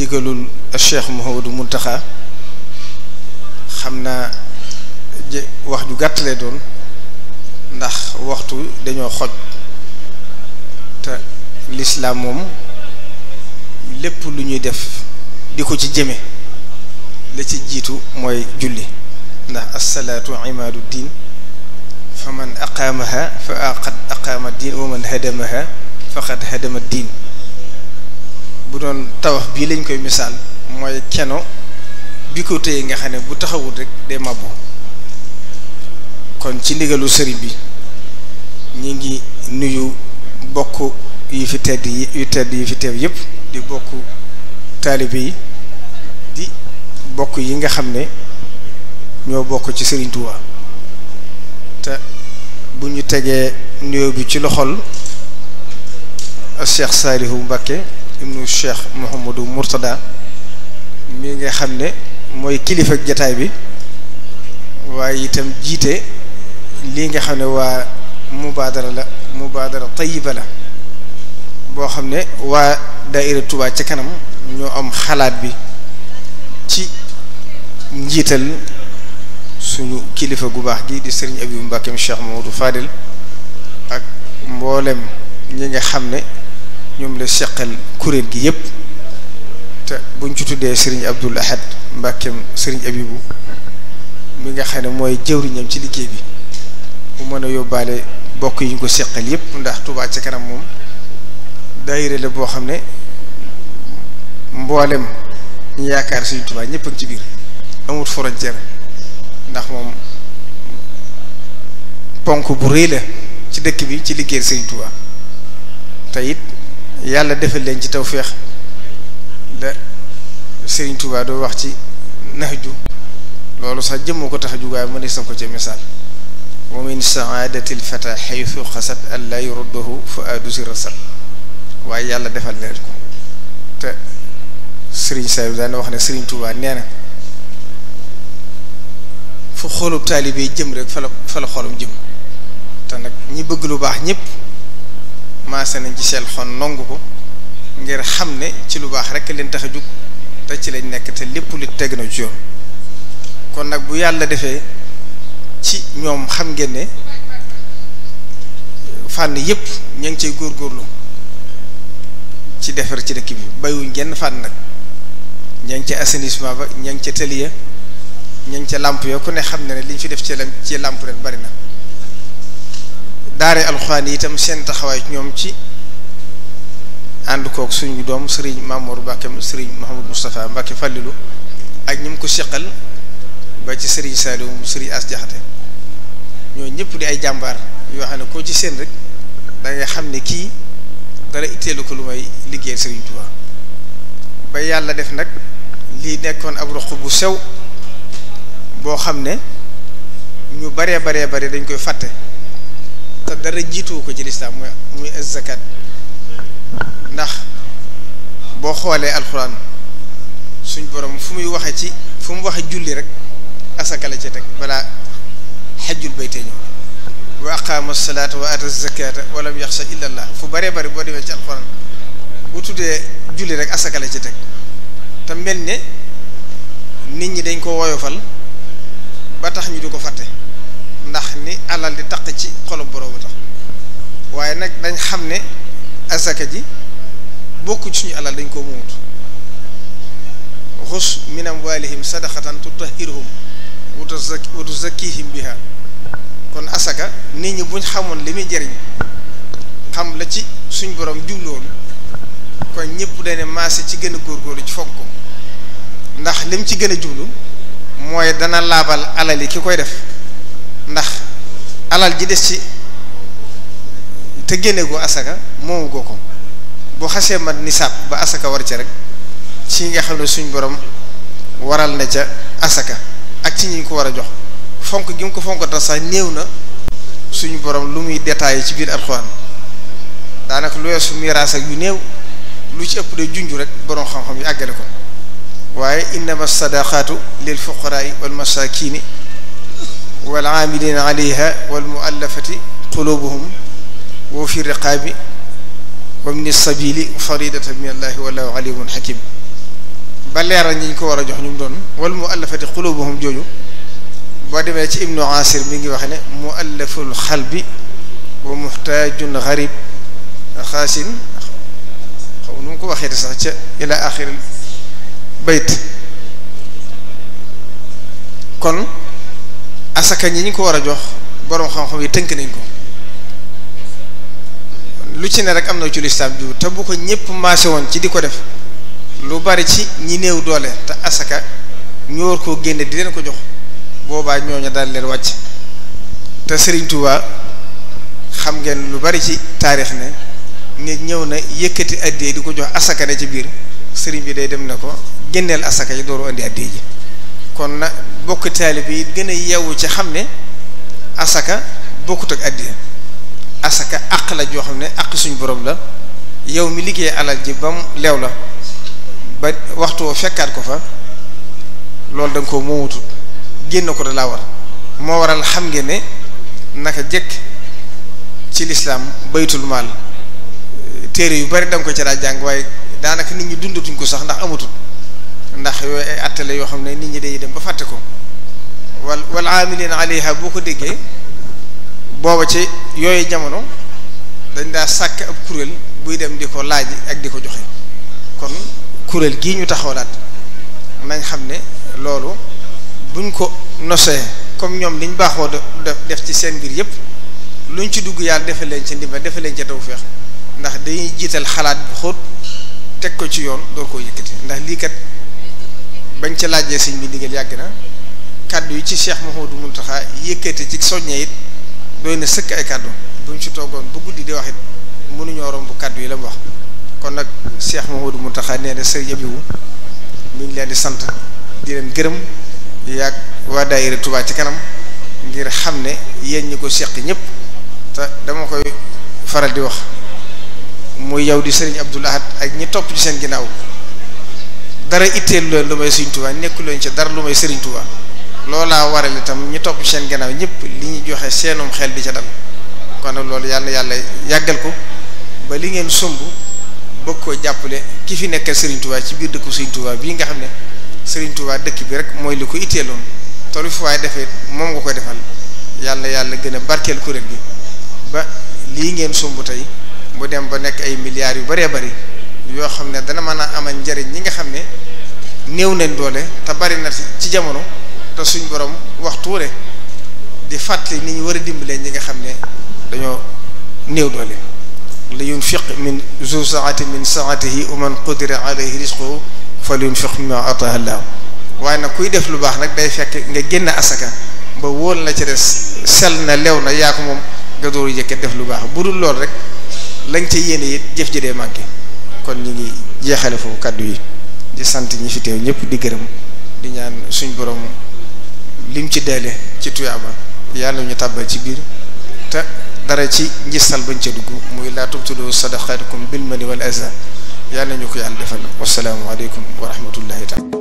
digelul الشيخ محمود منتخا خمنا واخ جو غات لي دون ناخ وقتو دانيو خوج تا الاسلام موم لپ لو ني ديف ديكو سي جيمي لا سي جيتو موي جولي ناخ الصلاه عماد الدين فمن اقامها فاقد اقام الدين ومن هدمها فقد هدم الدين bu doon tabax bii lañ koy misaal mooy keno bi ko téye nga xam ne bu taxawul rek day mabbu kon ci ndigalu sëriñ bi ñu ngi nuyu bokk yi fi tedd yi yu tedd fi teew yëpp di bokk taalibe di bokk yi nga xam ne ñoo bokk ci sëriñ te bu ñu tegee nuyoo bi ci loxol Cheikh Saliou Mbacké ibnu Cheikh Mouhamadou Mourtada mi nga xam ne mooy kilifa jataay bi waaye itam jiite lii nga xam ne waa mubaadara la mubaadara tayiba la boo xam ne waa daaira Touba ci kanam ñoo am xalaat bi ci njiital suñu kilifa gu baax gi di sëriñ Abibu Mbàkke Cheikh Mamadou Fadil ak mboolem ñi nga xam ne ñoom la seqal kuréel gi yépp te buñ ci tuddee sëriñ Abdul Ahad Mbàkkeem sëriñ Abibu mi nga xam ne mooy jëwriñam ci liggéey bi bu mën a yóbbaale bokk yi ñu ko seqal yépp ndax Tuubaa ca kanam moom daayira la boo xam ne mboolem ñu yaakaar sëriñ tubaa ñépp a ci biir amut frontière ndax moom ponk bu rëy la ci dëkk bi ci liggéey sëriñ Tuubaa te yàlla defal leen ci tawféex la Serigne Touba doo wax ci nahju loolu sax jëmm ko tax a jug ne sax ko ci misaal wa min saadati lfata xaytu xasat an laa yuruddahu fuaadu si rasat waaye yàlla defal leen ko te Serigne Saliou daan wax ne Serigne Touba nee na fu xoolub taalibe jëm rek fa la fa la xoolum jëm te nag ñi bëgg lu baax ñépp maase nañ ci seen xon nongu ko ngir xam ne ci lu baax rek leen tax a jug te ci lañ nekk te lépp lu teg na ci yoon kon nag bu yàlla defee ci ñoom xam ngeen ne fànn yépp ñu ngi góor góorlu ci defar ci dëkk bi bayuñ genn fànn nag ña ngi ca assainissement ba ña ngi ca tëli ya ña ngi ca làmp ya ku ne xam ne ne liñ fi def ci ci làmp rek bari na daare alxuraan yi itam seen taxawaay ñoom ci ànd kook suñu doom sëriñ Mamour Mbacke sëriñ Mouhamadou Moustapha Mbacke Fallilou ak ñi mu ko seqal ba ci sëriñ Saliou sëriñ As Jaxate ñoo ñëpp di ay jàmbaar yoo xam ne koo ci seen rek xam ne kii dara iteelu ko lu may liggéey sëriñ Touba ba yàlla def nag lii nekkoon ab roq bu sew boo xam ne ñu baree baree bare dañ koy fàtte te dara jiituwu ko ci lislaam muy muy zakat ndax boo xoolee alxuraan suñ borom fu muy waxe ci fu mu waxe julli rek asaka la ci teg balaa xajjul bayte ñëw wa aqaama salaata wa ata zakata walam yaxsha illa allah fu baree bari boo demee ci alxuraan bu tuddee julli rek asaka la ci teg te mel ni nit ñi dañ ko woyofal ba tax ñu di ko fàtte ndax ni alal di taq ci xolub borom tax waaye nag dañ xam ne asaka ji bokku ci suñu alal dañ koo muut xus min amwalihim sadaqatan tutahhiruhum wa tuzakkihim biha kon asaka nit ñi buñ xamoon li muy jariñ xam la ci suñu boroom jubloolu kon ñëpp dane maase ci gën a góorgóorlu ci fonk ko ndax lim ci gën a jublu mooy dana laabal alal yi ki koy def ndax alal ji des ci te génne goo asaka moomu goo ko bu xasee mat nisaab ba asaka war ca rek ci nga xam ne suñ borom waral na ca asaka ak ci ñi ko war a jox fonk gi mu ko fonk tax sax néew na suñu borom lu muy détaillé ci biir alxuraan daanaka lu weesu miraas ak yu néew lu ci ëpp de junj rek borom xam-xam yu àggale ko waaye innama sadaqaatu lil fuqaraai wal masakini والعاملين عليها والمؤلفة قلوبهم وفي الرقاب ومن السبيل فريدة من الله والله عليم حكيم بلير نينكو ورا جوخ نيم دون والمؤلفة قلوبهم جوجو با ديمي ابن عاصر ميغي واخني مؤلف القلب ومحتاج غريب خاص خونوكو واخيت صاح الى اخر البيت كون asaka ñi ñu ko war a jox borom xam-xam yi tënk nañ ko lu ci ne rek am na ci lislaam te bu ko ñëpp maase woon ci di ko def lu bari ci ñi néew doole te asaka ñu war koo génne di leen ko jox boobaa ñooñu daal leen wàcc te sëriñ Touba xam ngeen lu bari ci taarix ne nit ñëw na yëkkati addee di ko jox asaka ne ci biir sëriñ bi day dem ne ko génneel asaka yi dooru andi addee ji kon na bokk taalib yi gën a yeewu ci xam ne asaka bokkut ak àddiya asaka àq la joo xam ne àq suñu boroom la yow mi liggéey alal ji ba leew la ba waxtu fekkaat ko fa loolu da ko koo moomutut génn ko da war moo waral xam ngeen ne naka jëkk ci lislaam baytul maal téere yu bari da ko ci daa jàng waaye daanaka nit ñi dundatuñ ko sax ndax amatul ndax yooyu ay attale yoo xam ne nit ñi day dem ba fàtte ko wal wal aamiliina alayha boo ko déggee booba ci yooyu jamono dañ daa sàkk ab kuréel buy dem di ko laaj ak di ko joxe kon kuréel gii ñu laat nañ xam ne loolu buñ ko nosee comme ñoom liñ baaxoo def ci seen mbir yépp luñ ci dugg yàlla defal leen ci ndimbal defal leen feex ndax dañuy jiital xalaat bu xóot teg ko ci yoon door koo yëkkati ndax lii kat bañ ca laajee sëñ bi ndigal yàgg na kàddu yi ci Cheikh Mouhamadou Mountakha yëkkate ci soññe it doy na sëkk ay kàddu buñ ci toogoon bu guddi di wax it mënuñoo romb kàddu yi la mu wax kon nag Cheikh Mouhamadou Mountakha nee na sëriñ bi ngi leen di sant di leen gërëm yàgg waa daayira Touba ci kanam ngir xam ne yéen ñi ko seq ñëpp te dama koy faral di wax muy yow di sëriñ Abdoul Ahad ak ñi topp ci seen ginnaaw. dara itteel loolu lu may Sëriñ Tuubaa nekku leen ci dara lu may Sëriñ Tuubaa laa waral itam ñu topp seen gannaaw ñëpp li ñu joxe seenum xel di ca dal kon loolu yàlla na yàlla yàggal ko ba li ngeen sumb bëgg koo jàppale ki fi nekkal Sëriñ Tuubaa ci biir dëkku Sëriñ bii nga xam ne Sëriñ Tuubaa dëkk bi rek mooy li ko itteeloon toolu fu waay defee moom nga ko defal yàlla yàlla gën a barkeel kuréel gi ba lii ngeen sumb tey mu dem ba nekk ay milliards yu baree bari yoo xam ne dana mën a amal njariñ ñi nga xam ne néew nañ doole te bari na ci jamono te suñ borom waxtu ne di fàttali ni ñu war a dimbalee ñi nga xam ne dañoo néew doole li yunfiq min zu saati min saatihi wa man qudira alayhi risquhu fal yunfiq mimma ataahu Allah waaye nag kuy def lu baax nag day fekk nga génn asaka ba wóol na ci des sel na lew na yaa moom nga dooru jëkke def lu baax bu dul lool rek lañ ca yéene it jëf ji dee manqué kon ñu ngi jeexale foofu kàddu yi di sant ñi fi teew ñëpp di gërëm di ñaan suñ borom lim ci deele ci tuyaaba yàlla ñu tàbbal ci biir te dara ci ngistal bañ ca dugg muy laa tubtilu sadaqaatikum bil mani wal aza yàlla ñu ko yàlla defal wasalaamu aleykum wa rahmatullahi taala